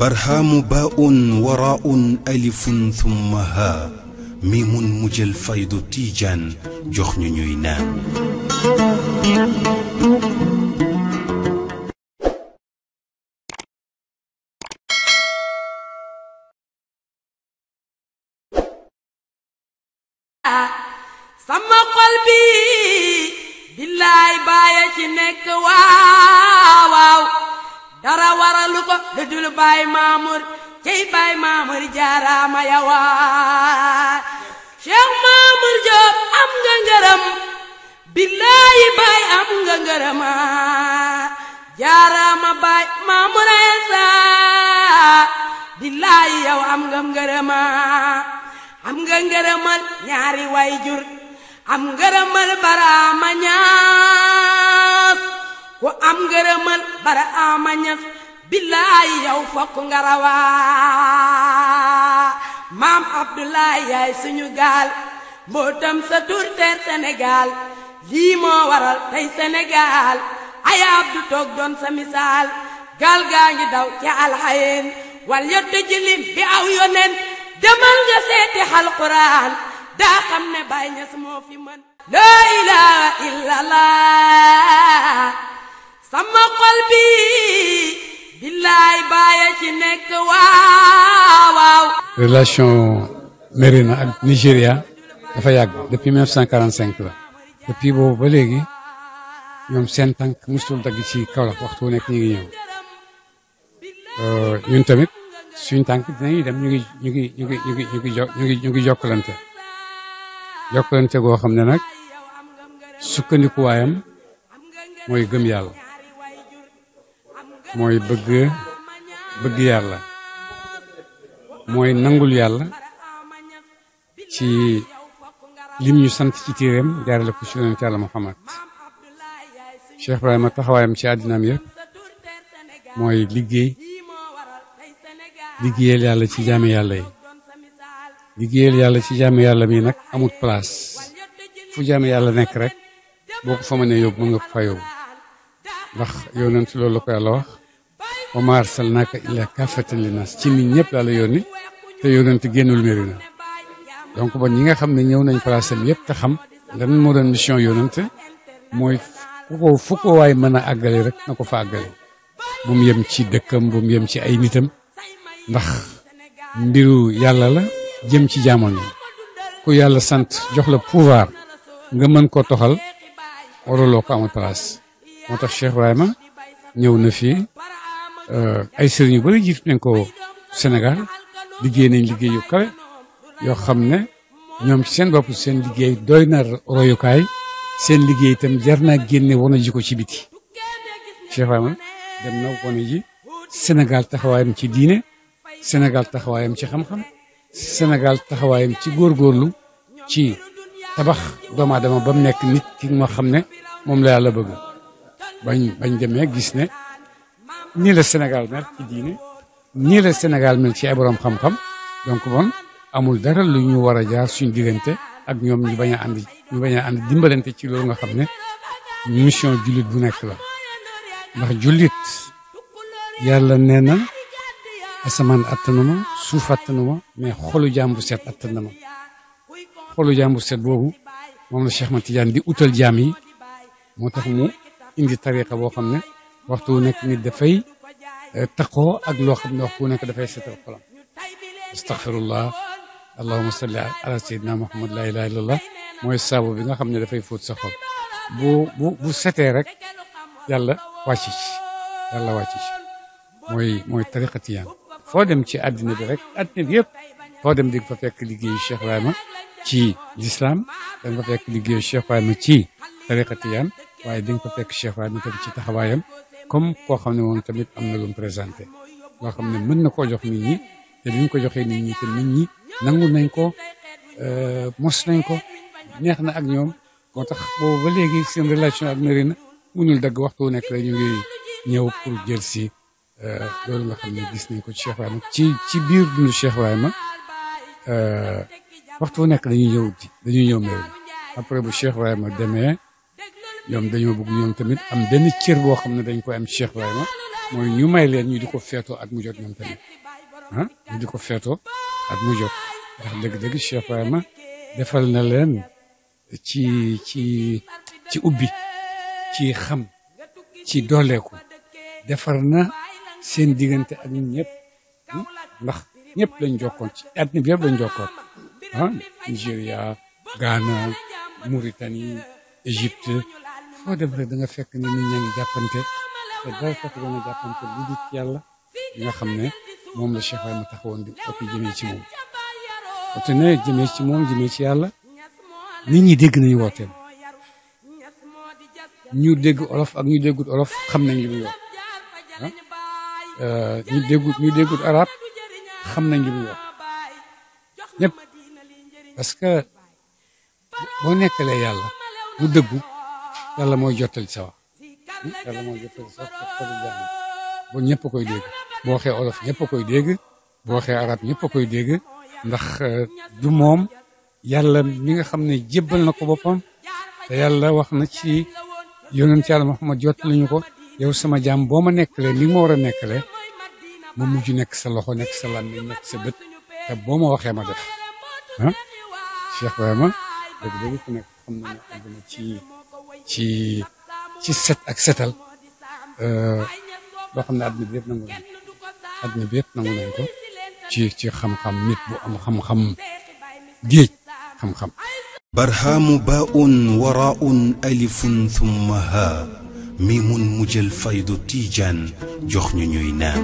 برهام باء وراء ألف ثم ها ميم مجل فيض تيجان جخن نينان سما قلبي بالله billaay bàyyi lu dul baay maamur cey baay maamur jaaraama yawaa Cheikh Maamur Jóob am nga ngërëm billaayi baay am nga ngërëma jaaraama baay maamur aysa billaayi yow am nga ngërëma am nga ngërëmal ñaari way jur am ngërëmal baraama ñaas ku am ngërëmal baraama ñaas billaay yow fokk nga rawaa maam Abdoulaye yaay suñu gaal mbootam sa tur teer Sénégal lii moo waral tey Sénégal ay Abdu toog doon sa misaal gaal gaa ngi daw ca alxayeen wal yotte jilim bi aw yonen demal nga seeti alxuraan daa xam ne Baay Ñas sama xol bi billaay bàyyi ci nekk waaw waaw. relation Mérina ak Nigéria dafa yàgg depuis cinq la depuis boobu ba léegi ñoom seen tànk musul dagg ci Kaolack waxtu wu nekk ñu ngi euh, tamit suñ tànk dinañuy dem ñu ngi ñu ngi ñu ngi ñu ngi ñu ngi goo xam ne nag sukkandikuwaayam mooy gëm yàlla. Moy bëgg bëgg yalla moy nangul yalla ci lim ñu sant ci téeréem jaarale ko ci yonent yalla Muhammad Cheikh Ibrahima taxawayam ci àddinaam yëpp moy liggéey liggéeyal yalla ci jami yalla yi liggéeyal yalla ci jami yalla mi nak amut place fu jami yalla nek rek boko fa mëne yob nga ndax yonent loolu la ko yàlla wax wa maa arsalnaaka illaa kaafatan linnaas ci nit ñëpp laa la yónni te yonent génnul Medina donc ba ñi nga xam ne ñëw nañ place am yëpp te xam lan moo doon mission yonent mooy ku ko fu ko waay mën a àggale rek na ko fa àggale bu mu yem ci dëkkam bu mu yem ci ay nitam ndax mbiru yàlla la jëm ci jaamoon yi ku yàlla sant jox la pouvoir nga mën ko toxal waraloo ko amal place moo tax Cheikh Ibrahima ñëw na fi euh, ay sëriñ yu bëri nañ ko Sénégal liggéey nañ liggéey kawe yoo xam ne ñoom seen bopp seen liggéey doy na royukaay seen liggéey itam jar naa génne wane ji ko ci biti Cheikh Ibrahima dem na wane ji taxawaayam ci diine Sénégal taxawaayam ci xam-xam Sénégal taxawaayam ci góorgóorlu ci tabax doomu aadama ba mu nekk nit ki nga xam ne moom la yàlla bëgg bañ bañ demee gis ne nii la Sénégal mel ci diine nii la Sénégal mel ci ay xam-xam donc bon amul dara lu ñu war a jaar suñ diggante ak ñoom ñu bañ a ànd ñu bañ a ànd dimbalante ci loolu nga xam ne mission jullit bu nekk la ndax jullit yàlla nee na asamaan attanu ma suuf attanu ma mais xolu jàmbu set attan na ma xolu jàmbu set boobu moom la Cheikh Mate Tidiane di utal jaam yi moo tax mu. indi tariqa boo xam ne waxtu wu nekk nit dafay taqoo ak loo xam ne waxtu wu nekk dafay setal xolam astaghfirullah allahuma salli ala sayyidina muhammad la ilaha illallah mooy saabu bi nga xam ne dafay fóot sa xol bu bu bu setee rek yàlla wàcc ci yàlla wàcc ci mooy mooy tariqa tiyaan foo dem ci àddina bi rek àddina bi yëpp foo dem di nga fa fekk liggéeyu Cheikh Ibrahima ci lislaam da nga fa fekk liggéeyu Cheikh Ibrahima ci tariqa tiyaan waaye di nga ko fekk Cheikh Wade tamit ci taxawaayam comme koo xam ne moom tamit am na lu présenté loo xam ne mën na koo jox nit ñi te bi ko joxee nit ñi te nit ñi nangu nañ ko euh, mos nañ ko neex na ak ñoom moo tax boobu ba léegi seen relation ak Marina mënul dagg waxtu wu nekk rek ñu ngi ñëw pour jël si euh, loolu nga xam ne gis nañ ko ci Cheikh ci ci biir dundu Cheikh Wade ma euh, waxtu wu nekk dañuy ñëw dañuy ñëw Marina après bu Cheikh Wade ma demee. ñoom dañoo bëgg ñoom tamit am benn cër boo xam ne dañ koy am Cheikh Ibrahima mooy ñu may leen ñu di ko feetoo ak mu jot ñoom tamit ah, di ko feetoo at mu jot ndax dëgg-dëgg Cheikh Ibrahima defal na leen ci ci ci ubbi ci xam ci dooleeku defar na seen diggante ak ñëpp ah, ndax ñëpp lañ jokkoon ci àddina bi yëpp lañ jokkoon ah Nigéria Ghana Mauritanie foo def rek da nga fekk ni mu ñaa ngi jàppante te doo fekk yàlla li nga xam ne moom la Cheikh Ibrahima taxawoon di ëpp jëmee ci moom otu ne jëmee ci moom jëmee ci yàlla nit ñi dégg nañu wooteem ñu dégg olof ak ñu déggul olof xam nañ li muy wax ah, euh, ñu déggul ñu xam nañ li muy wax ñëpp parce que boo nekkalee yàlla bu dëggu yàlla mooy jottal sa wax yàlla mooy jottali hmm? ñëpp koy dégg boo waxee olof ñëpp koy dégg boo waxee arab koy dégg ndax euh, du moom yàlla mi nga xam ne jébbal na ko boppam yàlla wax na ci yonent yàlla Muhammad jot nañu ko yow sama jaam boo ma nekkalee li ma war a nekkalee ma mujj nekk sa loxo nekk sa làmmiñ nekk sa bët te boo ma waxee ma def ah Cheikh Ibrahima dëgg-dëgg ku nekk xam na ne àgg na ci ci ci set ak setal loo xam ne àdduna bi yëpp nangu nañ àdduna bi yëpp nangu nañ ko ci ci xam-xam nit bu am xam-xam géej xam-xam barhaamu baaun waraaun alifun thumma haa miimun mujjal faydu tiijaan jox ñu ñuy naan